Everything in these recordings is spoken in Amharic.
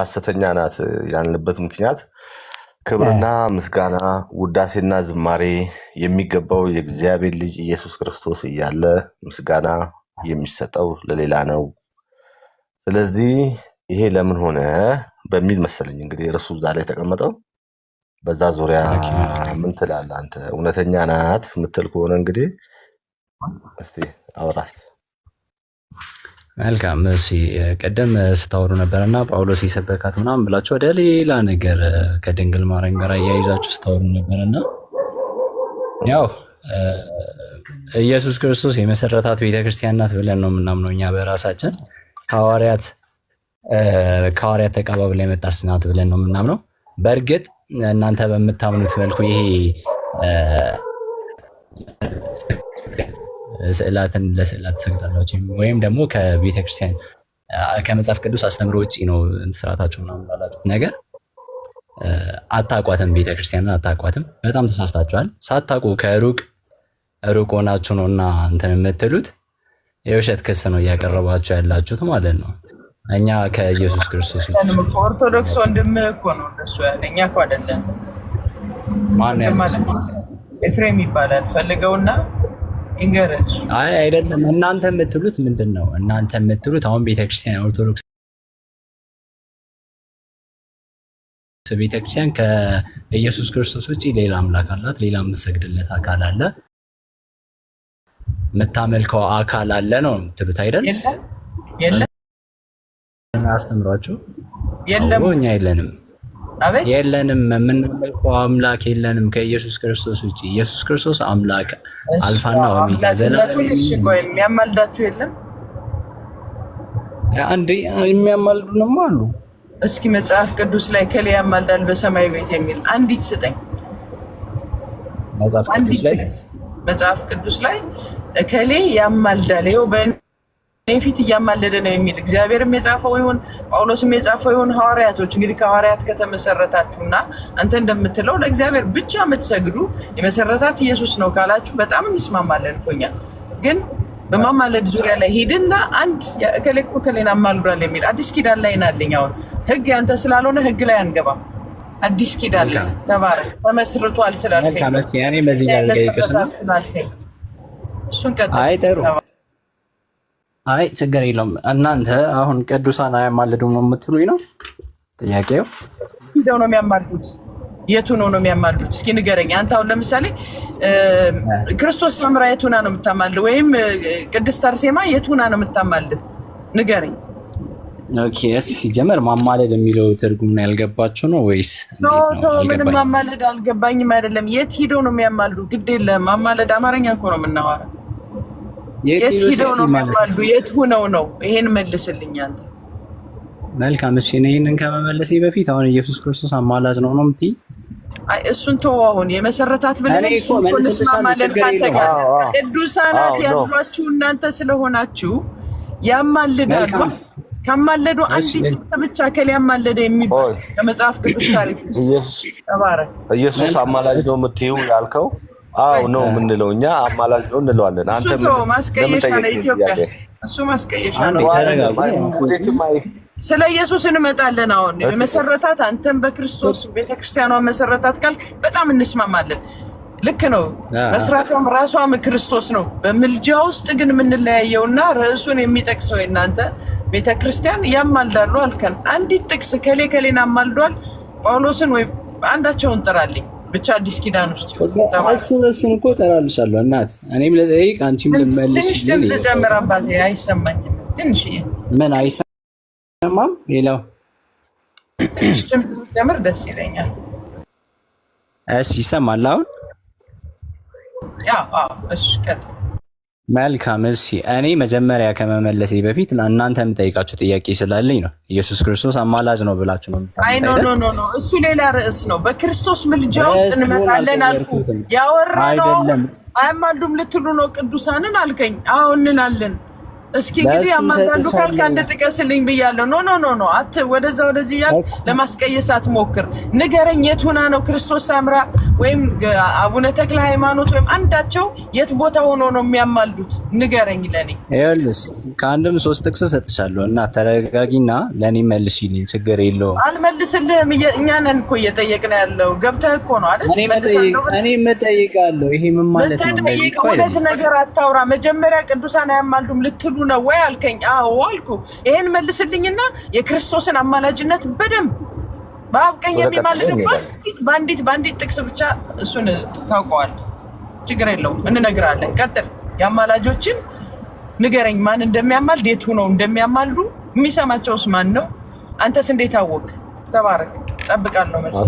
ሀሰተኛ ናት ያልንበት ምክንያት ክብርና ምስጋና ውዳሴና ዝማሬ የሚገባው የእግዚአብሔር ልጅ ኢየሱስ ክርስቶስ እያለ ምስጋና የሚሰጠው ለሌላ ነው። ስለዚህ ይሄ ለምን ሆነ በሚል መሰለኝ እንግዲህ እርሱ እዛ ላይ የተቀመጠው። በዛ ዙሪያ ምን ትላለህ አንተ? እውነተኛ ናት የምትል ከሆነ እንግዲህ እስኪ አውራስ መልካም እሺ፣ ቀደም ስታወሩ ነበርና ጳውሎስ የሰበካት ምናምን ብላችሁ ወደ ሌላ ነገር ከድንግል ማርያም ጋር እያይዛችሁ ስታወሩ ነበርና ያው ኢየሱስ ክርስቶስ የመሰረታት ቤተክርስቲያን ናት ብለን ነው የምናምነው እኛ በራሳችን ሐዋርያት ከሐዋርያት ተቀባብላ የመጣች ናት ብለን ነው የምናምነው። በእርግጥ እናንተ በምታምኑት መልኩ ይሄ ስዕላትን ለስዕላት ትሰግዳላች ወይም ደግሞ ከቤተክርስቲያን ከመጽሐፍ ቅዱስ አስተምሮ ውጭ ነው ስርዓታቸው ነው ባላችሁት ነገር አታቋትም፣ ቤተክርስቲያንን አታቋትም። በጣም ተሳስታችኋል። ሳታቁ ከሩቅ ሩቅ ሆናችሁ ነው እና እንትን የምትሉት የውሸት ክስ ነው እያቀረባችሁ ያላችሁት ማለት ነው። እኛ ከኢየሱስ ክርስቶስ ኦርቶዶክስ ወንድም እኮ ነው እንደሱ ያለ እኛ እኮ አይደለም። ማነው ኤፍሬም ይባላል ፈልገውና አይ አይደለም። እናንተ የምትሉት ምንድን ነው? እናንተ የምትሉት አሁን ቤተክርስቲያን ኦርቶዶክስ ቤተክርስቲያን ከኢየሱስ ክርስቶስ ውጭ ሌላ አምላክ አላት፣ ሌላ የምትሰግድለት አካል አለ፣ የምታመልከው አካል አለ ነው የምትሉት አይደል? አስተምሯችሁ የለም፣ እኛ የለንም የለንም የምንመልከው አምላክ የለንም ከኢየሱስ ክርስቶስ ውጭ። ኢየሱስ ክርስቶስ አምላክ አልፋና ኦሜጋ ዘላለም። የሚያማልዳችሁ የለም አንድ የሚያማልዱንም አሉ። እስኪ መጽሐፍ ቅዱስ ላይ ከሌ ያማልዳል በሰማይ ቤት የሚል አንዲት ስጠኝ። መጽሐፍ ቅዱስ ላይ መጽሐፍ ቅዱስ ላይ ከሌ ያማልዳል ይኸው እኔ ፊት እያማለደ ነው የሚል እግዚአብሔርም የጻፈው ይሁን ጳውሎስም የጻፈው ይሁን ሐዋርያቶች እንግዲህ ከሐዋርያት ከተመሰረታችሁና አንተ እንደምትለው ለእግዚአብሔር ብቻ የምትሰግዱ የመሰረታት ኢየሱስ ነው ካላችሁ በጣም እንስማማለን። እኮኛ ግን በማማለድ ዙሪያ ላይ ሂድና አንድ ከሌኮ ከሌን አማልዷል የሚል አዲስ ኪዳን ላይ ናለኝ። አሁን ህግ ያንተ ስላልሆነ ህግ ላይ አንገባም። አዲስ ኪዳን ላይ ተባረክ ተመስርቷል ስላልከኝ እሱን ቀጥታ አይ ችግር የለውም። እናንተ አሁን ቅዱሳን አያማልዱም ነው የምትሉኝ ነው ጥያቄው? ሄደው ነው የሚያማልዱት። የቱ ነው ነው የሚያማልዱት? እስኪ ንገረኝ አንተ። አሁን ለምሳሌ ክርስቶስ ሰምራ የቱና ነው የምታማልድ? ወይም ቅድስት አርሴማ የቱና ነው የምታማልድ? ንገረኝ። ኦኬ እስኪ ሲጀመር ማማለድ የሚለው ትርጉም ነው ያልገባቸው ነው ወይስ ምንም? ማማለድ አልገባኝም። አይደለም የት ሂደው ነው የሚያማልዱ? ግድ የለም ማማለድ፣ አማርኛ እኮ ነው የምናወራው የት ሂደው ነው የሚባሉ የት ሆነው ነው? ይሄን መልስልኝ አንተ። መልካም እሺ፣ ይህንን ከመመለሴ በፊት አሁን ኢየሱስ ክርስቶስ አማላጅ ነው ነው የምትይ? እሱን ተወው። አሁን የመሰረታት ብለን እንስማማለን ካንተ ጋር። ቅዱሳናት ያሏችሁ እናንተ ስለሆናችሁ ያማልዳሉ። ካማለዱ አንዲት ብቻ ከሊ ያማለደ የሚባል ከመጽሐፍ ቅዱስ ታሪክ ኢየሱስ አማላጅ ነው የምትይው ያልከው አው ነው የምንለው እኛ አማላጅ ነው እንለዋለን። አንተ እሱ ማስቀየሻ ነው። ስለ ኢየሱስ እንመጣለን። አሁን መሰረታት አንተም በክርስቶስ ቤተክርስቲያኗን መሰረታት ካልክ በጣም እንስማማለን። ልክ ነው። መስራቷም ራሷም ክርስቶስ ነው። በምልጃ ውስጥ ግን የምንለያየውና ርዕሱን የሚጠቅሰው እናንተ ቤተክርስቲያን ያማልዳሉ አልከን። አንዲት ጥቅስ ከሌ ከሌን አማልዷል ጳውሎስን ወይ አንዳቸውን ጥራልኝ ብቻ አዲስ ኪዳን ውስጥ እሱን እሱን እኮ እጠራልሻለሁ እናት እኔም ለጠይቅ አንቺም ልመልሽ። ልጨምር አባቴ አይሰማኝም። ትንሽ ምን አይሰማም? ሌላው ትንሽ ድምፅ ጨምር ደስ ይለኛል። እሺ ይሰማል አሁን? ያው እሺ ቀጥል መልካም እሺ፣ እኔ መጀመሪያ ከመመለሴ በፊት እናንተ የምጠይቃቸው ጥያቄ ስላለኝ ነው። ኢየሱስ ክርስቶስ አማላጅ ነው ብላችሁ ነው? አይ ኖ ኖ ኖ፣ እሱ ሌላ ርዕስ ነው። በክርስቶስ ምልጃ ውስጥ እንመጣለን አልኩ። ያወራ ነው አያማልዱም ልትሉ ነው ቅዱሳንን አልከኝ። አዎ እንላለን እስኪ እንግዲህ አማንዳንዱ ካልክ አንድ ጥቀስልኝ ብያለሁ። ኖ ኖ ኖ ኖ አት ወደዛ ወደዚህ እያል ለማስቀየስ አትሞክር። ንገረኝ፣ የት ሆና ነው ክርስቶስ አምራ ወይም አቡነ ተክለ ሃይማኖት ወይም አንዳቸው የት ቦታ ሆኖ ነው የሚያማሉት? ንገረኝ ለኔ። ይኸውልሽ ከአንድም ሶስት ጥቅስ እሰጥሻለሁ እና ተረጋጊና ለኔ መልሽልኝ። ችግር የለውም አልመልስልህም። እኛ ነን እኮ እየጠየቅን ያለው ገብተህ እኮ ነው አይደል? እኔ እጠይቃለሁ። ይሄ ምን ማለት ነው? እውነት ነገር አታውራ። መጀመሪያ ቅዱሳን አያማልዱም ልትሉ ነው ወይ አልከኝ። አዎ አልኩ። ይሄን መልስልኝና የክርስቶስን አማላጅነት በደንብ በአብ ቀኝ የሚማልድባት በአንዲት በአንዲት ጥቅስ ብቻ እሱን ታውቀዋል። ችግር የለው እንነግራለን። ቀጥል። የአማላጆችን ንገረኝ፣ ማን እንደሚያማልድ፣ የቱ ነው እንደሚያማልዱ፣ የሚሰማቸውስ ማን ነው? አንተስ እንዴት አወቅ? ተባረክ። ጠብቃለሁ መልስ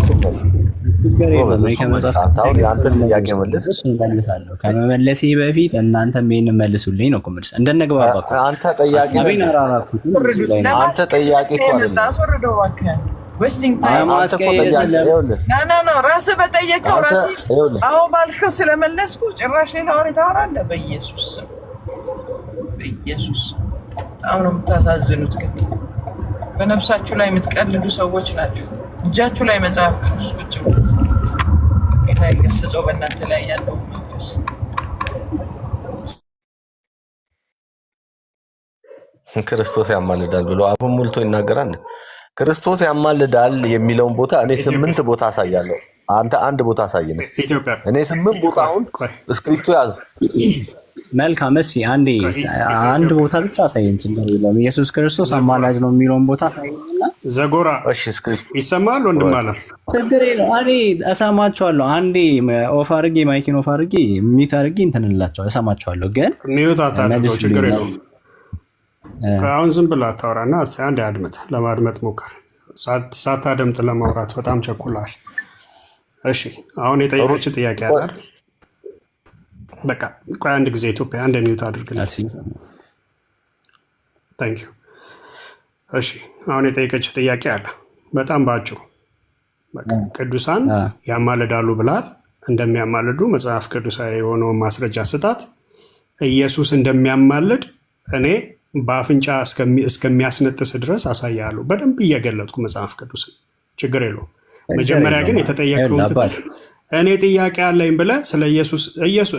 ከመመለሴ በፊት እናንተም ይሄንን መልሱልኝ ነው መልስ። እንደነግባባ አንተ ጠያቂ በጠየቀው ራስህ አዎ ባልከው ስለመለስኩ ጭራሽ ሌላ ወሬ ታወራለህ። በኢየሱስ በኢየሱስ በጣም ነው የምታሳዝኑት። ግን በነብሳችሁ ላይ የምትቀልዱ ሰዎች ናቸው። እጃችሁ ላይ መጽሐፍ ቅዱስ ቁጭ ብሎ ጌታ ይገስጸው በእናንተ ላይ ያለው መንፈስ ክርስቶስ ያማልዳል ብሎ አፉን ሞልቶ ይናገራል። ክርስቶስ ያማልዳል የሚለውን ቦታ እኔ ስምንት ቦታ አሳያለሁ። አንተ አንድ ቦታ አሳየን። እኔ ስምንት ቦታ አሁን እስክሪፕቱ ያዝ። መልካም እሺ፣ አንድ ቦታ ብቻ አሳየን፣ ችግር የለውም። ኢየሱስ ክርስቶስ አማላጅ ነው የሚለውን ቦታ አሳየንና ዘጎራ ይሰማል። ወንድም አለ ችግር ነው። እኔ እሰማችኋለሁ። አንዴ ኦፍ አድርጌ ማይኪን ኦፍ አድርጌ ሚት አድርጌ እንትን እንላቸዋለሁ። እሰማችኋለሁ፣ ግን ሚዩት ችግር የለውም። አሁን ዝም ብላ አታውራና አንድ አድምጥ፣ ለማድመጥ ሞክር። ሳታደምጥ ለማውራት በጣም ቸኩላል። እሺ፣ አሁን የጠየቀች ጥያቄ አለ። በቃ ቆይ አንድ ጊዜ ኢትዮጵያ አንድ ሚዩት አድርግልኝ። እሺ አሁን የጠየቀችው ጥያቄ አለ። በጣም ባጭሩ ቅዱሳን ያማልዳሉ ብላል። እንደሚያማልዱ መጽሐፍ ቅዱሳዊ የሆነውን ማስረጃ ስጣት። ኢየሱስ እንደሚያማልድ እኔ በአፍንጫ እስከሚያስነጥስ ድረስ አሳያለሁ። በደንብ እየገለጥኩ መጽሐፍ ቅዱስ ችግር የለውም። መጀመሪያ ግን የተጠየቀውን እኔ ጥያቄ አለኝ ብለ ስለ ኢየሱስ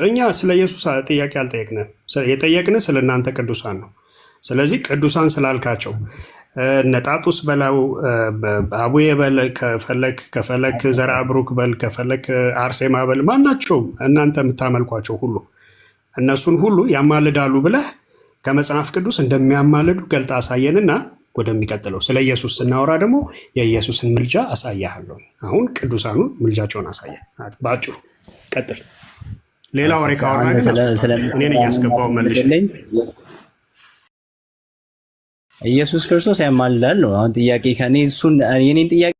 እኛ ስለ ኢየሱስ ጥያቄ አልጠየቅንም። የጠየቅን ስለ እናንተ ቅዱሳን ነው። ስለዚህ ቅዱሳን ስላልካቸው ነጣጡስ በላው አቡዬ በል ከፈለክ ከፈለክ ዘርአ ብሩክ በል ከፈለክ አርሴማ በል ማናቸውም እናንተ የምታመልኳቸው ሁሉ እነሱን ሁሉ ያማልዳሉ ብለህ ከመጽሐፍ ቅዱስ እንደሚያማልዱ ገልጣ አሳየንና ወደሚቀጥለው ስለ ኢየሱስ ስናወራ ደግሞ የኢየሱስን ምልጃ አሳያለሁ። አሁን ቅዱሳኑን ምልጃቸውን አሳየን በአጭሩ ቀጥል። ሌላ ወሬ ካወራ እኔን እያስገባው መልሽ ኢየሱስ ክርስቶስ ያማልዳል ነው አሁን ጥያቄ ከኔ እሱን የኔን ጥያቄ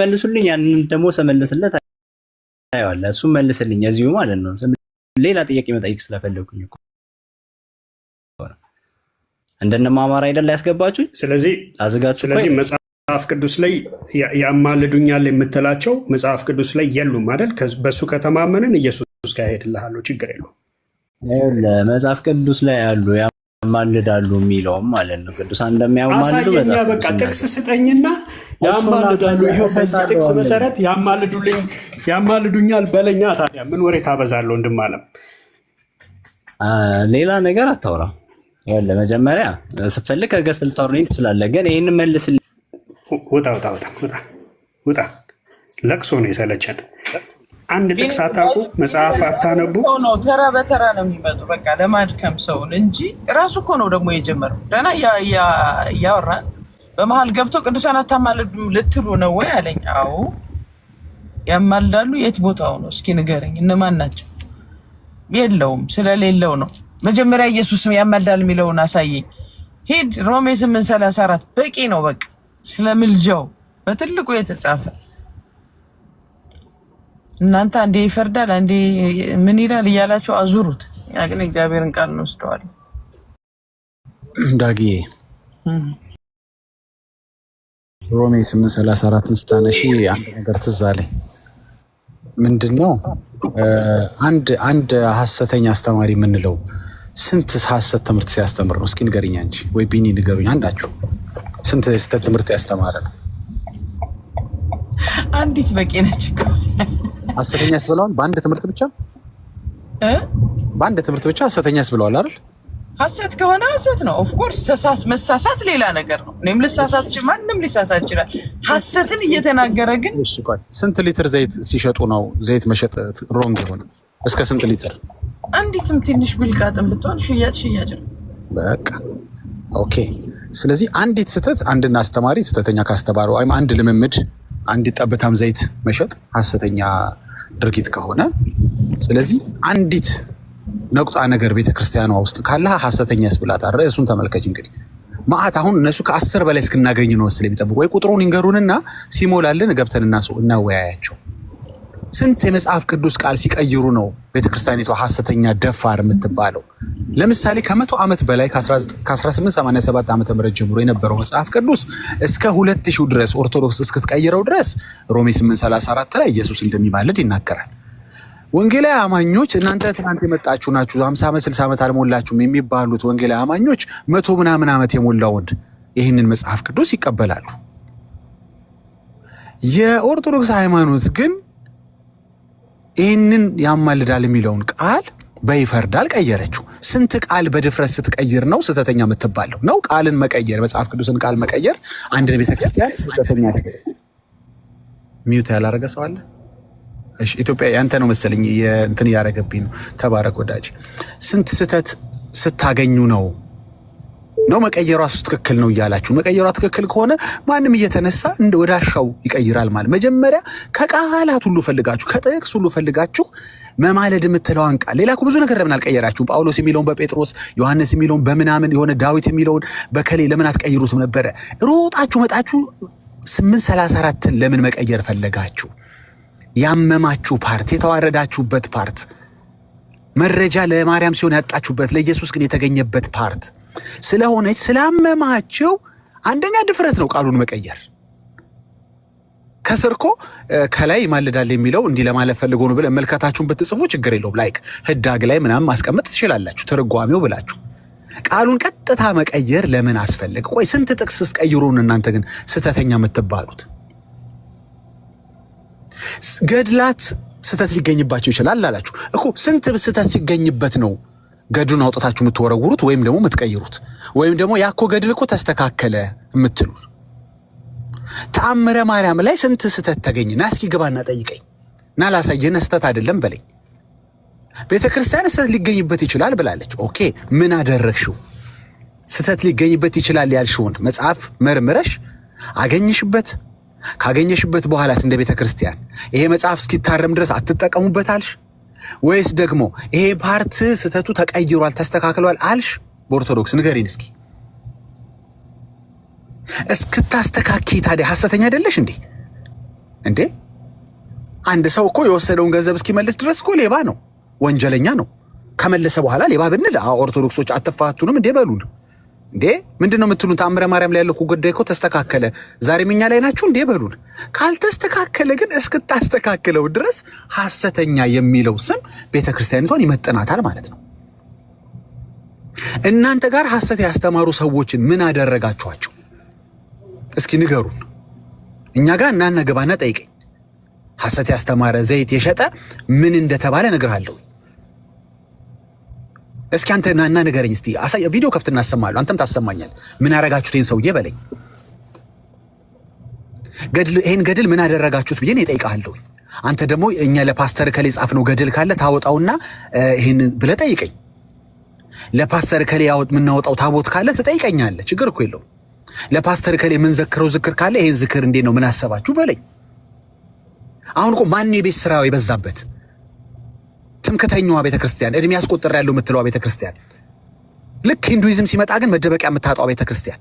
መልሱልኝ፣ ያንን ደግሞ ሰመልስለት ታየዋለህ። እሱ መልስልኝ እዚሁ ማለት ነው። ሌላ ጥያቄ መጠየቅ ስለፈለኩኝ እኮ እንደነማማር አይደል ያስገባችሁኝ። ስለዚህ አዝጋት። ስለዚህ መጽሐፍ ቅዱስ ላይ ያማልዱኛል የምትላቸው መጽሐፍ ቅዱስ ላይ የሉም አይደል? በእሱ ከተማመንን ኢየሱስ ጋር ሄድልሃለሁ፣ ችግር የለው። መጽሐፍ ቅዱስ ላይ አሉ። ያማልዳሉ የሚለውም ማለት ነው። ቅዱሳን እንደሚያማልዱ አሳየኛ። በቃ ጥቅስ ስጠኝና ያማልዳሉ። ይኸው በዚህ ጥቅስ መሰረት ያማልዱልኝ ያማልዱኛል በለኛ። ታዲያ ምን ወሬ ታበዛለህ ወንድም አለም? ሌላ ነገር አታውራ። ለመጀመሪያ ስፈልግ ከገስ ልታወርደኝ ትችላለህ፣ ግን ይህን መልስ። ውጣ ውጣ ውጣ ውጣ ውጣ። ለቅሶ ነው የሰለቸን። አንድ ጥቅስ አታውቁ፣ መጽሐፍ አታነቡ። ተራ በተራ ነው የሚመጡ በቃ ለማድከም ሰውን እንጂ ራሱ እኮ ነው ደግሞ የጀመረው። ደህና እያወራ በመሀል ገብቶ ቅዱሳን አታማልዱም ልትሉ ነው ወይ አለኝ። አዎ ያማልዳሉ። የት ቦታው ነው እስኪ ንገረኝ፣ እነማን ናቸው? የለውም ስለሌለው ነው። መጀመሪያ ኢየሱስ ያማልዳል የሚለውን አሳየኝ። ሂድ ሮሜ ስምንት ሰላሳ አራት በቂ ነው። በቃ ስለምልጃው በትልቁ የተጻፈ እናንተ አንዴ ይፈርዳል አንዴ ምን ይላል እያላቸው አዙሩት። ያ ግን እግዚአብሔርን ቃል እንወስደዋለን። ዳግዬ ሮሜ ስምንት ሰላሳ አራትን ስታነሺ አንድ ነገር ትዝ አለኝ። ምንድን ነው አንድ አንድ ሐሰተኛ አስተማሪ የምንለው ስንት ሐሰት ትምህርት ሲያስተምር ነው? እስኪ ንገርኛ እንጂ ወይ ቢኒ ንገሩኝ። አንዳችሁ ስንት ስተ ትምህርት ያስተማረ ነው? አንዲት በቂ ነች እኮ ሐሰተኛ ያስብለዋል። በአንድ ትምህርት ብቻ በአንድ ትምህርት ብቻ ሐሰተኛ ያስብለዋል አይደል? ሐሰት ከሆነ ሐሰት ነው። ኦፍኮርስ መሳሳት ሌላ ነገር ነው። እኔም ልሳሳት ይችላል፣ ማንም ሊሳሳት ይችላል። ሐሰትን እየተናገረ ግን ስንት ሊትር ዘይት ሲሸጡ ነው ዘይት መሸጥ ሮንግ የሆነ እስከ ስንት ሊትር? አንዲትም ትንሽ ብልቃጥን ብትሆን ሽያጭ ሽያጭ ነው። በቃ ኦኬ። ስለዚህ አንዲት ስህተት አንድን አስተማሪ ስህተተኛ ካስተማረው ወይም አንድ ልምምድ አንድ ጠብታም ዘይት መሸጥ ሐሰተኛ ድርጊት ከሆነ ስለዚህ አንዲት ነቁጣ ነገር ቤተክርስቲያኗ ውስጥ ካለ ሀሰተኛ ያስብላታል። ርዕሱን ተመልከች እንግዲህ ማአት አሁን እነሱ ከአስር በላይ እስክናገኝ ነው ስል የሚጠብቁ ወይ ቁጥሩን ይንገሩንና ሲሞላልን ገብተን እናወያያቸው። ስንት የመጽሐፍ ቅዱስ ቃል ሲቀይሩ ነው ቤተክርስቲያኒቷ ሐሰተኛ ደፋር የምትባለው? ለምሳሌ ከመቶ ዓመት በላይ ከ1887 ዓ ም ጀምሮ የነበረው መጽሐፍ ቅዱስ እስከ 2000 ድረስ ኦርቶዶክስ እስክትቀይረው ድረስ ሮሜ 834 ላይ ኢየሱስ እንደሚማልድ ይናገራል። ወንጌላዊ አማኞች እናንተ ትናንት የመጣችሁ ናችሁ 50 ዓመት 60 ዓመት አልሞላችሁም የሚባሉት ወንጌላዊ አማኞች መቶ ምናምን ዓመት የሞላውን ይህንን መጽሐፍ ቅዱስ ይቀበላሉ። የኦርቶዶክስ ሃይማኖት ግን ይህንን ያማልዳል የሚለውን ቃል በይፈርዳል ቀየረችው። ስንት ቃል በድፍረት ስትቀይር ነው ስህተተኛ የምትባለው? ነው ቃልን መቀየር መጽሐፍ ቅዱስን ቃል መቀየር አንድን ቤተክርስቲያን ስህተተኛ ሚዩት ያላረገ ሰው አለ? እሺ ኢትዮጵያ ያንተ ነው መሰለኝ እንትን እያረገብኝ ነው። ተባረክ ወዳጅ። ስንት ስህተት ስታገኙ ነው ነው መቀየሯ ትክክል ነው እያላችሁ መቀየሯ ትክክል ከሆነ ማንም እየተነሳ እንደ ወዳሻው ይቀይራል ማለት መጀመሪያ ከቃላት ሁሉ ፈልጋችሁ ከጥቅስ ሁሉ ፈልጋችሁ መማለድ የምትለዋን ቃል ሌላ ብዙ ነገር ለምን አልቀየራችሁ ጳውሎስ የሚለውን በጴጥሮስ ዮሐንስ የሚለውን በምናምን የሆነ ዳዊት የሚለውን በከሌ ለምን አትቀይሩትም ነበረ ሮጣችሁ መጣችሁ ስምንት ሰላሳ አራትን ለምን መቀየር ፈለጋችሁ ያመማችሁ ፓርት የተዋረዳችሁበት ፓርት መረጃ ለማርያም ሲሆን ያጣችሁበት ለኢየሱስ ግን የተገኘበት ፓርት ስለሆነች ስላመማቸው አንደኛ ድፍረት ነው ቃሉን መቀየር። ከስር እኮ ከላይ ማልዳል የሚለው እንዲህ ለማለት ፈልጎ ነው ብለን መልካታችሁን ብትጽፉ ችግር የለውም። ላይክ ህዳግ ላይ ምናምን ማስቀመጥ ትችላላችሁ፣ ትርጓሜው ብላችሁ ቃሉን ቀጥታ መቀየር ለምን አስፈለገ? ቆይ ስንት ጥቅስ ስትቀይሩን እናንተ ግን ስተተኛ የምትባሉት ገድላት ስተት ሊገኝባቸው ይችላል አላችሁ እኮ። ስንት ስተት ሲገኝበት ነው ገድሉን አውጥታችሁ የምትወረውሩት ወይም ደግሞ የምትቀይሩት ወይም ደግሞ ያኮ ገድል እኮ ተስተካከለ የምትሉ ተአምረ ማርያም ላይ ስንት ስህተት ና እስኪ ግባና ጠይቀኝ እና ላሳየን ስህተት አይደለም በለኝ። ቤተ ክርስቲያን ስህተት ሊገኝበት ይችላል ብላለች። ኦኬ ምን አደረግሽው? ስህተት ሊገኝበት ይችላል ያልሽውን መጽሐፍ መርምረሽ አገኘሽበት። ካገኘሽበት በኋላስ እንደ ቤተ ክርስቲያን ይሄ መጽሐፍ እስኪታረም ድረስ አትጠቀሙበታልሽ? ወይስ ደግሞ ይሄ ፓርት ስህተቱ ተቀይሯል ተስተካክሏል አልሽ? በኦርቶዶክስ ንገሪን እስኪ። እስክታስተካኪ ታዲያ ሀሰተኛ አይደለሽ እንዴ? እንዴ አንድ ሰው እኮ የወሰደውን ገንዘብ እስኪመልስ ድረስ እኮ ሌባ ነው፣ ወንጀለኛ ነው። ከመለሰ በኋላ ሌባ ብንል ኦርቶዶክሶች አትፋቱንም እንዴ በሉን። እንዴ ምንድን ነው የምትሉን? ታምረ ማርያም ላይ ያለው ጉዳይ እኮ ተስተካከለ። ዛሬም እኛ ላይ ናችሁ እንዴ በሉን። ካልተስተካከለ ግን እስክታስተካክለው ድረስ ሐሰተኛ የሚለው ስም ቤተ ክርስቲያኒቷን ይመጥናታል ማለት ነው። እናንተ ጋር ሐሰት ያስተማሩ ሰዎችን ምን አደረጋችኋቸው? እስኪ ንገሩን። እኛ ጋር እናና ጠይቀኝ። ሐሰት ያስተማረ ዘይት የሸጠ ምን እንደተባለ እነግርሃለሁ። እስኪ አንተ እና ንገረኝ እስቲ አሳይ። ቪዲዮ ከፍትና አሰማለሁ፣ አንተም ታሰማኛል። ምን ያረጋችሁትን ሰውዬ በለኝ። ገድል ይሄን ገድል ምን አደረጋችሁት ብዬ ነው እጠይቅሃለሁ። አንተ ደግሞ እኛ ለፓስተር ከሌ ጻፍነው ገድል ካለ ታወጣውና ይሄን ብለህ ጠይቀኝ። ለፓስተር ከሌ ያወጥ የምናወጣው ታቦት ካለ ትጠይቀኛለህ። ችግር እኮ የለውም። ለፓስተር ከሌ የምንዘክረው ዝክር ካለ ይሄን ዝክር እንዴት ነው ምን አሰባችሁ በለኝ። አሁን እኮ ማን የቤት ስራ የበዛበት ትምክተኛዋ ቤተክርስቲያን እድሜ ያስቆጠር ያለው የምትለዋ ቤተክርስቲያን ልክ ሂንዱይዝም ሲመጣ ግን መደበቂያ የምታጣዋ ቤተክርስቲያን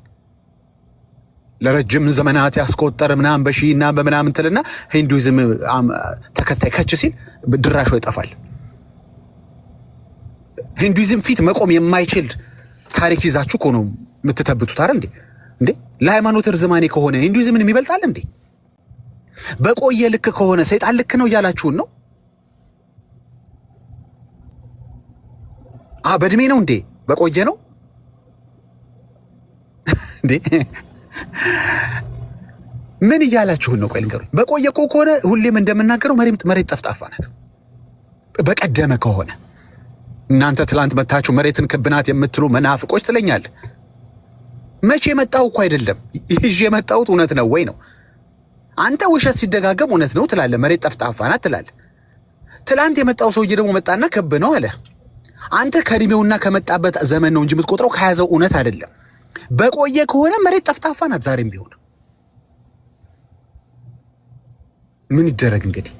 ለረጅም ዘመናት ያስቆጠር ምናምን እና በምናምን ትልና ሂንዱይዝም ተከታይ ከች ሲል ድራሿ ይጠፋል። ሂንዱይዝም ፊት መቆም የማይችል ታሪክ ይዛችሁ እኮ ነው የምትተብቱት አረ እንዴ? እንዴ ለሃይማኖት እርዝማኔ ከሆነ ሂንዱይዝምን የሚበልጣል እንዴ? በቆየ ልክ ከሆነ ሰይጣን ልክ ነው እያላችሁን ነው። በእድሜ ነው እንዴ? በቆየ ነው እንዴ? ምን እያላችሁን ነው? ቆይ ልንገሩኝ። በቆየ እኮ ከሆነ ሁሌም እንደምናገረው መሬት ጠፍጣፋ ናት። በቀደመ ከሆነ እናንተ ትላንት መታችሁ መሬትን ክብናት የምትሉ መናፍቆች ትለኛል። መቼ መጣው እኮ አይደለም ይዤ የመጣሁት እውነት ነው ወይ ነው። አንተ ውሸት ሲደጋገም እውነት ነው ትላለህ፣ መሬት ጠፍጣፋ ናት ትላለህ። ትላንት የመጣው ሰውዬ ደግሞ መጣና ክብ ነው አለ። አንተ ከእድሜውና ከመጣበት ዘመን ነው እንጂ የምትቆጥረው ከያዘው እውነት አይደለም። በቆየ ከሆነ መሬት ጠፍጣፋ ናት። ዛሬም ቢሆን ምን ይደረግ እንግዲህ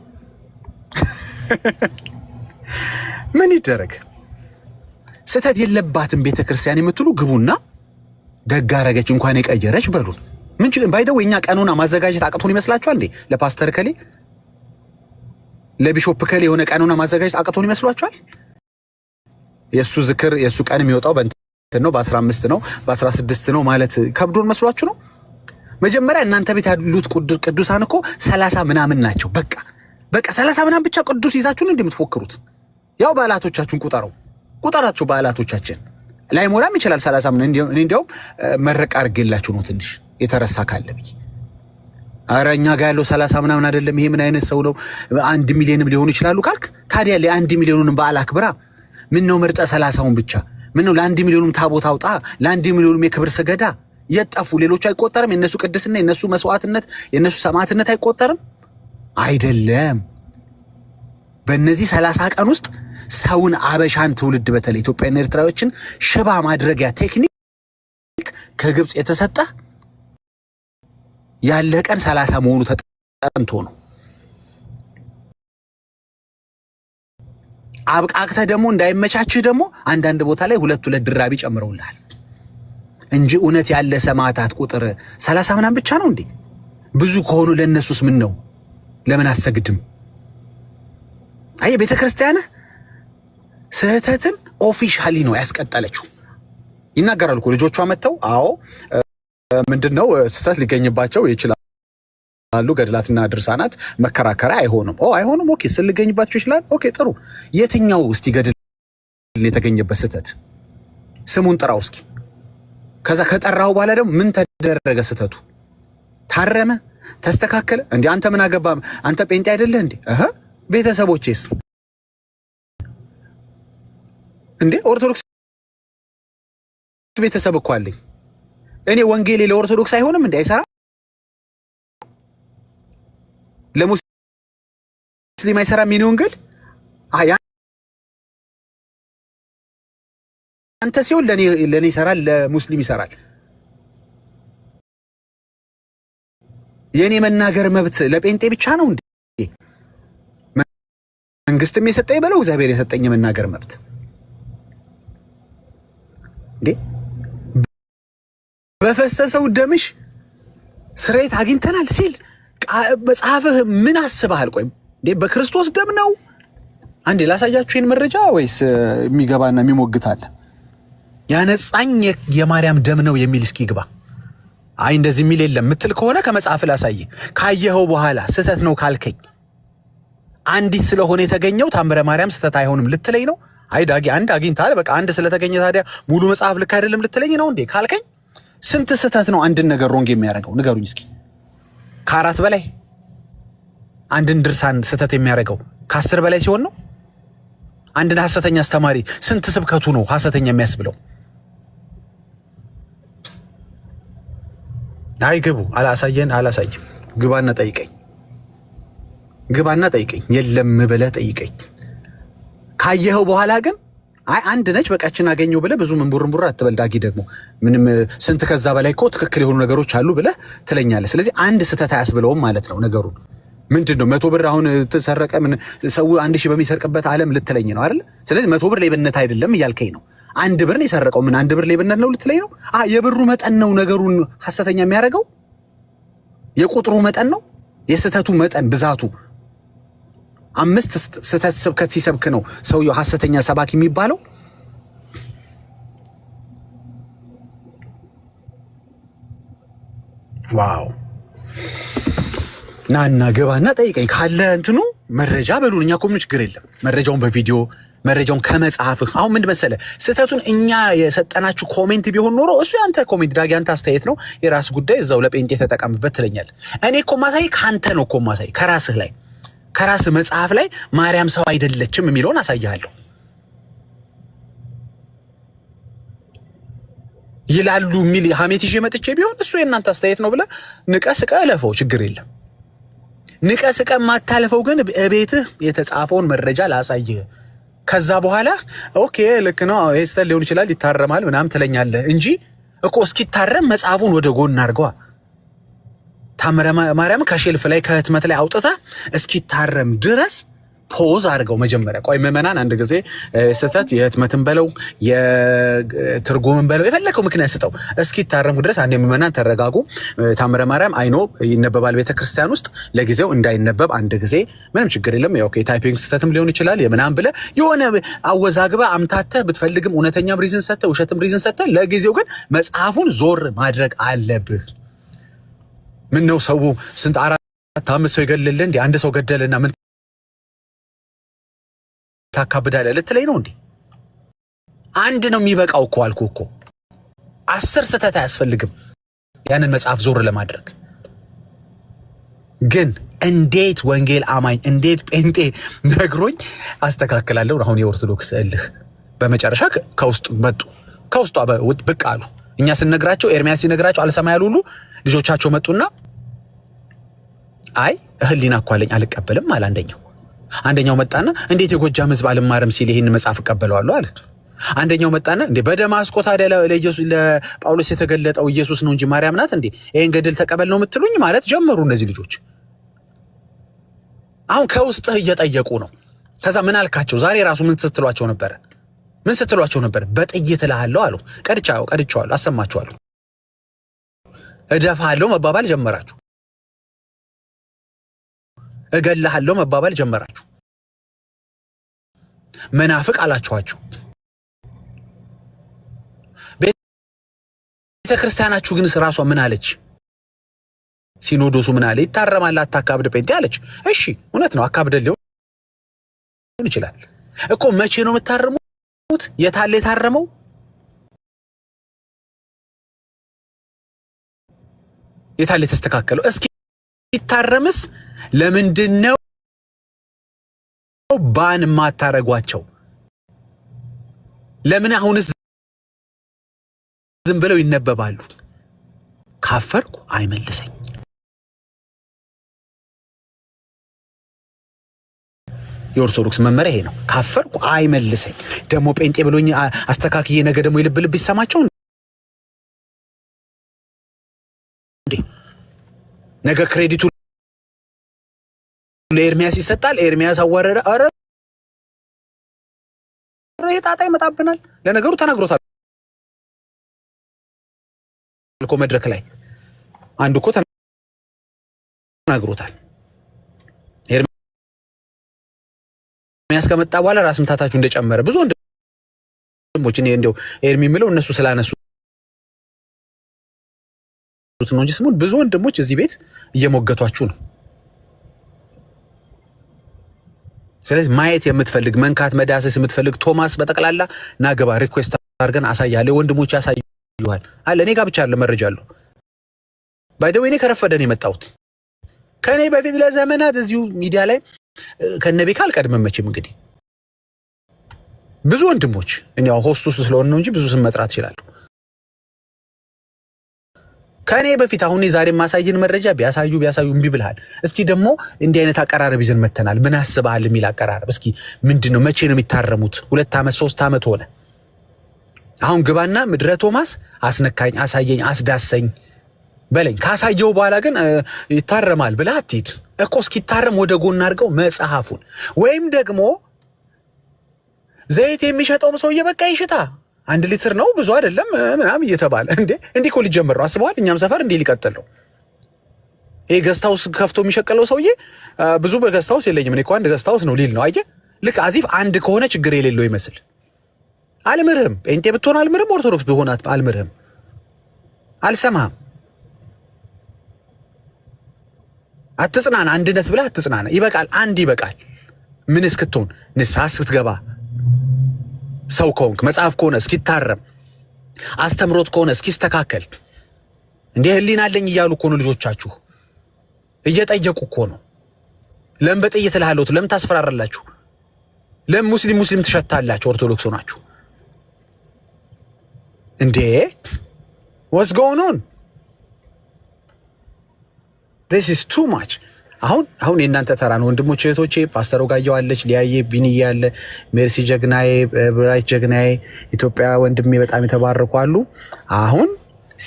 ምን ይደረግ። ስህተት የለባትም ቤተ ክርስቲያን የምትሉ ግቡና ደግ አረገች እንኳን የቀየረች በሉን። ምን ባይደው የኛ ቀኖና ማዘጋጀት አቅቶን ይመስላችኋል እንዴ? ለፓስተር ከሌ ለቢሾፕ ከሌ የሆነ ቀኖና ማዘጋጀት አቅቶን ይመስሏችኋል? የእሱ ዝክር የእሱ ቀን የሚወጣው በእንትን ነው፣ በአስራ አምስት ነው፣ በአስራ ስድስት ነው ማለት ከብዶን መስሏችሁ ነው? መጀመሪያ እናንተ ቤት ያሉት ቅዱሳን እኮ ሰላሳ ምናምን ናቸው። በቃ በቃ ሰላሳ ምናምን ብቻ ቅዱስ ይዛችሁን እንደምትፎክሩት ያው በዓላቶቻችሁን ቁጠረው ቁጠራቸው። በዓላቶቻችን ላይ ሞላም ይችላል ሰላሳ ምን እኔ እንዲያውም መረቅ አድርጌላችሁ ነው ትንሽ የተረሳ ካለ ብዬ ኧረ እኛ ጋር ያለው ሰላሳ ምናምን አይደለም። ይሄ ምን አይነት ሰው ነው? አንድ ሚሊዮንም ሊሆኑ ይችላሉ ካልክ ታዲያ አንድ ሚሊዮኑንም በዓል አክብራ ምን ነው መርጠ ሰላሳውን ብቻ ምን ነው ለአንድ ሚሊዮኑም ታቦት አውጣ፣ ለአንድ ሚሊዮኑም የክብር ስገዳ የጠፉ ሌሎቹ አይቆጠርም። የነሱ ቅድስና፣ የነሱ መስዋዕትነት፣ የነሱ ሰማዕትነት አይቆጠርም አይደለም። በእነዚህ ሰላሳ ቀን ውስጥ ሰውን አበሻን ትውልድ በተለይ ኢትዮጵያና ኤርትራዎችን ሽባ ማድረጊያ ቴክኒክ ከግብፅ የተሰጠ ያለቀን ሰላሳ መሆኑ ተጠንቶ ነው። አብቃቅተህ ደግሞ እንዳይመቻችህ ደግሞ አንዳንድ ቦታ ላይ ሁለት ሁለት ድራቢ ጨምረውልሃል እንጂ እውነት ያለ ሰማዕታት ቁጥር ሰላሳ ምናም ብቻ ነው እንዴ? ብዙ ከሆኑ ለእነሱስ ምን ነው? ለምን አሰግድም? አይ ቤተ ክርስቲያንህ ስህተትን ኦፊሻሊ ነው ያስቀጠለችው። ይናገራል እኮ ልጆቿ መጥተው አዎ ምንድን ነው ስህተት ሊገኝባቸው ይችላል አሉ ገድላትና ድርሳናት መከራከሪያ አይሆንም። ኦ አይሆንም። ኦኬ ስል ይችላል። ኦኬ ጥሩ። የትኛው እስቲ ገድል የተገኘበት ስህተት ስሙን ጥራው እስኪ። ከዛ ከጠራው በኋላ ደግሞ ምን ተደረገ? ስህተቱ ታረመ፣ ተስተካከለ። እንዲ አንተ ምን አገባ? አንተ ጴንጤ አይደለህ እንዲ ቤተሰቦቼስ እንዴ? ኦርቶዶክስ ቤተሰብ እኮ አለኝ እኔ። ወንጌሌ ለኦርቶዶክስ አይሆንም እንዲ አይሰራም ለሙስሊም አይሰራም የኔ ወንጌል። አንተ ሲሆን ለኔ ይሰራል፣ ለሙስሊም ይሰራል። የኔ መናገር መብት ለጴንጤ ብቻ ነው እንዴ? መንግስትም የሰጠኝ በለው እግዚአብሔር የሰጠኝ የመናገር መብት እንዴ? በፈሰሰው ደምሽ ስሬት አግኝተናል ሲል መጽሐፍህ ምን አስበሃል? ቆይ በክርስቶስ ደም ነው? አንዴ ላሳያችሁ ይህን መረጃ ወይስ የሚገባና የሚሞግታል? ያነጻኝ የማርያም ደም ነው የሚል እስኪ ግባ። አይ እንደዚህ የሚል የለም የምትል ከሆነ ከመጽሐፍ ላሳይ። ካየኸው በኋላ ስህተት ነው ካልከኝ አንዲት ስለሆነ የተገኘው ታምረ ማርያም ስህተት አይሆንም ልትለኝ ነው? አይ ዳጊ አንድ አግኝተሃል፣ በቃ አንድ ስለተገኘ ታዲያ ሙሉ መጽሐፍ ልክ አይደለም ልትለኝ ነው እንዴ ካልከኝ ስንት ስህተት ነው አንድን ነገር ሮንግ የሚያደርገው? ንገሩኝ እስኪ። ከአራት በላይ አንድን ድርሳን ስህተት የሚያደርገው ከአስር በላይ ሲሆን ነው። አንድን ሐሰተኛ አስተማሪ ስንት ስብከቱ ነው ሐሰተኛ የሚያስብለው? አይ ግቡ አላሳየን አላሳየም። ግባና ጠይቀኝ፣ ግባና ጠይቀኝ፣ የለም ብለህ ጠይቀኝ። ካየኸው በኋላ ግን አይ አንድ ነች በቃችን አገኘው ብለ ብዙ ምንቡርንቡር አትበል ዳጊ። ደግሞ ምንም ስንት ከዛ በላይ እኮ ትክክል የሆኑ ነገሮች አሉ ብለ ትለኛለ ስለዚህ አንድ ስህተት አያስብለውም ማለት ነው ነገሩን ምንድን ነው መቶ ብር አሁን ተሰረቀ፣ ምን ሰው አንድ ሺህ በሚሰርቅበት ዓለም ልትለኝ ነው አይደል? ስለዚህ መቶ ብር ሌብነት አይደለም እያልከኝ ነው። አንድ ብር ነው የሰረቀው፣ ምን አንድ ብር ሌብነት ነው ልትለኝ ነው? የብሩ መጠን ነው ነገሩን ሐሰተኛ የሚያደርገው የቁጥሩ መጠን ነው የስህተቱ መጠን ብዛቱ አምስት ስህተት ስብከት ሲሰብክ ነው ሰውየው ሐሰተኛ ሰባኪ የሚባለው። ዋው ናና ገባና ጠይቀኝ ካለ እንትኑ መረጃ በሉን። እኛ እኮ ችግር የለም። መረጃውን በቪዲዮ መረጃውን ከመጽሐፍህ አሁን ምንድ መሰለ ስህተቱን እኛ የሰጠናችሁ ኮሜንት ቢሆን ኖሮ እሱ ያንተ ኮሜንት ዳግ ያንተ አስተያየት ነው፣ የራስ ጉዳይ እዛው ለጴንጤ ተጠቀምበት ትለኛል። እኔ እኮ ማሳይ ከአንተ ነው እኮ ማሳይ ከራስህ ላይ ከራስ መጽሐፍ ላይ ማርያም ሰው አይደለችም የሚለውን አሳያለሁ ይላሉ የሚል ሀሜት ይዤ መጥቼ ቢሆን እሱ የእናንተ አስተያየት ነው ብለህ ንቀህ ስቀህ እለፈው፣ ችግር የለም። ንቀህ ስቀህ የማታልፈው ግን እቤትህ የተጻፈውን መረጃ ላሳይህ። ከዛ በኋላ ኦኬ ልክ ነው ስተን ሊሆን ይችላል ይታረማል ምናምን ትለኛለህ እንጂ እኮ እስኪታረም መጽሐፉን ወደ ጎን አድርገዋ ታምረ ማርያም ከሼልፍ ላይ ከህትመት ላይ አውጥታ እስኪታረም ድረስ ፖዝ አድርገው መጀመሪያ ቆይ ምዕመናን አንድ ጊዜ ስህተት የህትመትን በለው የትርጉምን በለው የፈለከው ምክንያት ስጠው እስኪታረሙ ድረስ አንድ ምዕመናን ተረጋጉ ታምረ ማርያም አይኖ ይነበባል ቤተክርስቲያን ውስጥ ለጊዜው እንዳይነበብ አንድ ጊዜ ምንም ችግር የለም ያው የታይፒንግ ስህተትም ሊሆን ይችላል የምናም ብለ የሆነ አወዛግበ አምታተ ብትፈልግም እውነተኛም ሪዝን ሰተ ውሸትም ሪዝን ሰተ ለጊዜው ግን መጽሐፉን ዞር ማድረግ አለብህ ምን ነው ሰው ስንት አራት አምስት ሰው ይገድልል እንዴ? አንድ ሰው ገደለና ምን ታካብዳለህ ልትለኝ ነው እንዴ? አንድ ነው የሚበቃው እኮ አልኩ እኮ። አስር ስህተት አያስፈልግም ያንን መጽሐፍ ዞር ለማድረግ ግን እንዴት ወንጌል አማኝ እንዴት ጴንጤ ነግሮኝ አስተካክላለሁ። አሁን የኦርቶዶክስ እልህ በመጨረሻ ከውስጥ መጡ፣ ከውስጧ ብቅ አሉ። እኛ ስንነግራቸው ኤርሚያስ ሲነግራቸው አልሰማ ያሉ ሁሉ ልጆቻቸው መጡና አይ እህሊን እኮ አለኝ አልቀበልም አለ አንደኛው። አንደኛው መጣና እንዴት የጎጃም ህዝብ አልማርም ሲል ይህን መጽሐፍ እቀበለዋለሁ አለ። አንደኛው መጣና እንዴ በደማስቆ ታዲያ ለጳውሎስ የተገለጠው ኢየሱስ ነው እንጂ ማርያም ናት እንዴ? ይህን ገድል ተቀበል ነው የምትሉኝ ማለት ጀመሩ እነዚህ ልጆች። አሁን ከውስጥህ እየጠየቁ ነው። ከዛ ምን አልካቸው? ዛሬ ራሱ ምን ስትሏቸው ነበረ? ምን ስትሏቸው ነበር? በጥይት እልሃለሁ አሉ። ቀድቻው ቀድቻዋለሁ፣ አሰማችኋለሁ፣ እደፋለሁ መባባል ጀመራችሁ። እገልሃለሁ መባባል ጀመራችሁ። መናፍቅ አላችኋቸው። ቤተ ክርስቲያናችሁ ግን ስራሷ ምን አለች? ሲኖዶሱ ምን አለ? ይታረማል፣ አታካብድ ጴንጤ አለች። እሺ እውነት ነው፣ አካብደ ሊሆን ይችላል እኮ። መቼ ነው የምታረሙት? የታለ የታረመው? የታለ የተስተካከለው? እስኪ ሲታረምስ ለምንድን ነው ባን ማታረጓቸው? ለምን አሁንስ ዝም ብለው ይነበባሉ? ካፈርኩ አይመልሰኝ። የኦርቶዶክስ መመሪያ ይሄ ነው። ካፈርኩ አይመልሰኝ። ደግሞ ጴንጤ ብሎኝ አስተካክዬ ነገ ደግሞ ይልብልብ ይሰማቸው ነገ ክሬዲቱ ለኤርሚያስ ይሰጣል። ኤርሚያስ አዋረደ። አረ ጣጣ ይመጣብናል። ለነገሩ ተናግሮታል እኮ መድረክ ላይ አንድ እኮ ተናግሮታል። ኤርሚያስ ከመጣ በኋላ ራስ ምታታችሁ እንደጨመረ ብዙ ወንድሞች እንደው ኤርሚ የምለው እነሱ ስላነሱ ነው እንጂ ስሙን ብዙ ወንድሞች እዚህ ቤት እየሞገቷችሁ ነው። ስለዚህ ማየት የምትፈልግ መንካት መዳሰስ የምትፈልግ ቶማስ በጠቅላላ ናገባ ሪኩዌስት አድርገን አሳያለ ወንድሞች ያሳዩሃል አለ። እኔ ጋር ብቻ አለ መረጃ አለሁ። ወይ እኔ ከረፈደን የመጣሁት ከእኔ በፊት ለዘመናት እዚሁ ሚዲያ ላይ ካል ቀድመ መቼም እንግዲህ ብዙ ወንድሞች እኔ ሆስቱስ ስለሆነ ነው እንጂ ብዙ ስም መጥራት እችላለሁ። ከእኔ በፊት አሁን ዛሬ ማሳይን መረጃ ቢያሳዩ ቢያሳዩ እምቢ ብልሃል። እስኪ ደግሞ እንዲህ አይነት አቀራረብ ይዘን መተናል፣ ምን አስበሃል የሚል አቀራረብ። እስኪ ምንድን ነው መቼ ነው የሚታረሙት? ሁለት ዓመት ሶስት ዓመት ሆነ። አሁን ግባና ምድረ ቶማስ አስነካኝ፣ አሳየኝ፣ አስዳሰኝ በለኝ። ካሳየው በኋላ ግን ይታረማል ብለህ አትሂድ እኮ። እስኪታረም ወደ ጎን አድርገው መጽሐፉን ወይም ደግሞ ዘይት የሚሸጠውም ሰውዬ በቃ ይሽታ አንድ ሊትር ነው ብዙ አይደለም ምናምን እየተባለ እንዴ እንዲህ እኮ ሊጀምር ነው አስበዋል። እኛም ሰፈር እንዲህ ሊቀጥል ነው። ይሄ ገስታውስ ከፍቶ የሚሸቀለው ሰውዬ ብዙ በገስታውስ የለኝም እኔ እኮ አንድ ገስታውስ ነው ሊል ነው። አየህ ልክ አዚፍ አንድ ከሆነ ችግር የሌለው ይመስል አልምርህም። ጴንጤ ብትሆን አልምርህም። ኦርቶዶክስ ብሆን አልምርህም። አልሰማህም። አትጽናና። አንድነት ብለህ አትጽናና። ይበቃል። አንድ ይበቃል። ምን እስክትሆን ንስሐ እስክትገባ ሰው ከሆንክ መጽሐፍ ከሆነ እስኪታረም አስተምሮት ከሆነ እስኪስተካከል እንዴ ህሊና አለኝ እያሉ እኮ ነው ልጆቻችሁ እየጠየቁ እኮ ነው። ለምን በጥይት ላለሁት ለምን ታስፈራራላችሁ? ለም ሙስሊም ሙስሊም ትሸታላችሁ? ኦርቶዶክስ ሆናችሁ እንዴ ወስገውኑን ስ ቱ ማች አሁን አሁን የእናንተ ተራ ነው ወንድሞች እህቶቼ። ፓስተሮ ጋየው አለች፣ ሊያየ ቢንዬ አለ፣ ሜርሲ ጀግናዬ፣ ብራይት ጀግናዬ፣ ኢትዮጵያ ወንድሜ በጣም የተባረኩ አሉ። አሁን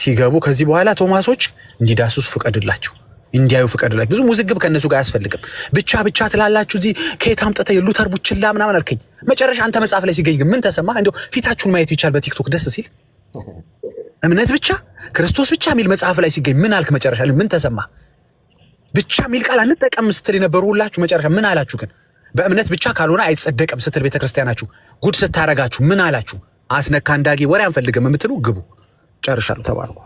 ሲገቡ ከዚህ በኋላ ቶማሶች እንዲዳሱስ ፍቀድላቸው፣ እንዲያዩ ፍቀድላቸው። ብዙ ውዝግብ ከእነሱ ጋር አያስፈልግም። ብቻ ብቻ ትላላችሁ። እዚህ ከየት አምጥተህ የሉተር ቡችላ ምናምን አልከኝ። መጨረሻ አንተ መጽሐፍ ላይ ሲገኝ ግን ምን ተሰማ? እንዲ ፊታችሁን ማየት ይቻል በቲክቶክ ደስ ሲል እምነት ብቻ ክርስቶስ ብቻ የሚል መጽሐፍ ላይ ሲገኝ ምን አልክ? መጨረሻ ምን ተሰማ? ብቻ የሚል ቃል አንጠቀም ስትል የነበሩ ሁላችሁ መጨረሻ ምን አላችሁ? ግን በእምነት ብቻ ካልሆነ አይጸደቅም ስትል ቤተክርስቲያናችሁ ጉድ ስታረጋችሁ ምን አላችሁ? አስነካ እንዳጌ ወሬ አንፈልግም የምትሉ ግቡ። ጨርሻለሁ። ተባርኩ።